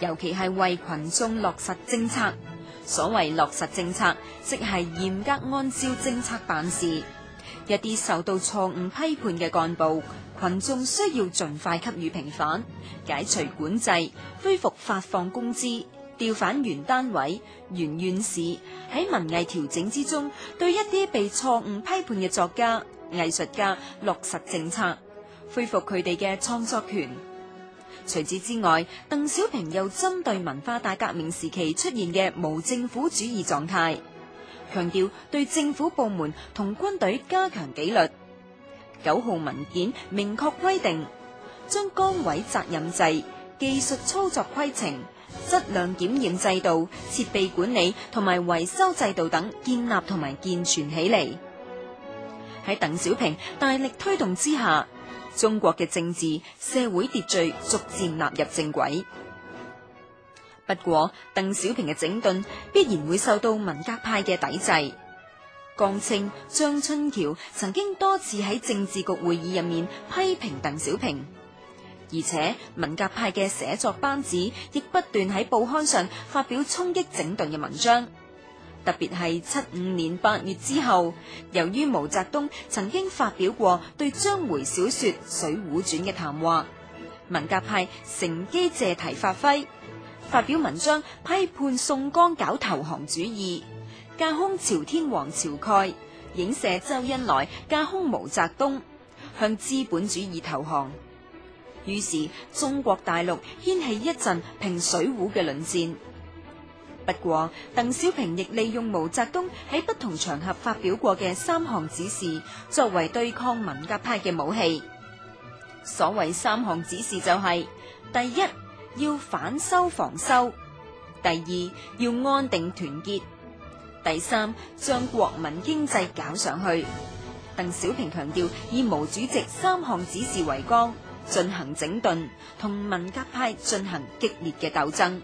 尤其係為群眾落實政策。所謂落實政策，即係嚴格按照政策辦事。一啲受到錯誤批判嘅幹部，群眾需要盡快給予平反，解除管制，恢復發放工資，調返原單位、原院士。喺文藝調整之中，對一啲被錯誤批判嘅作家、藝術家落實政策，恢復佢哋嘅創作權。除此之外，鄧小平又針對文化大革命時期出現嘅無政府主義狀態，強調對政府部門同軍隊加強紀律。九號文件明確規定，將崗位責任制、技術操作規程、質量檢驗制度、設備管理同埋維修制度等建立同埋健全起嚟。喺鄧小平大力推動之下，中國嘅政治社會秩序逐漸納入正軌，不過鄧小平嘅整頓必然會受到文革派嘅抵制。江青、張春橋曾經多次喺政治局會議入面批評鄧小平，而且文革派嘅寫作班子亦不斷喺報刊上發表衝擊整頓嘅文章。特別係七五年八月之後，由於毛澤東曾經發表過對章回小說《水滸傳》嘅談話，文革派乘機借題發揮，發表文章批判宋江搞投降主義，架空晁天王晁蓋，影射周恩來架空毛澤東，向資本主義投降。於是中國大陸掀起一陣評水滸嘅論戰。不過，鄧小平亦利用毛澤東喺不同場合發表過嘅三項指示作為對抗文革派嘅武器。所謂三項指示就係，第一，要反修防修，第二，要安定團結，第三，將國民經濟搞上去。鄧小平強調以毛主席三項指示為綱，進行整頓，同文革派進行激烈嘅鬥爭。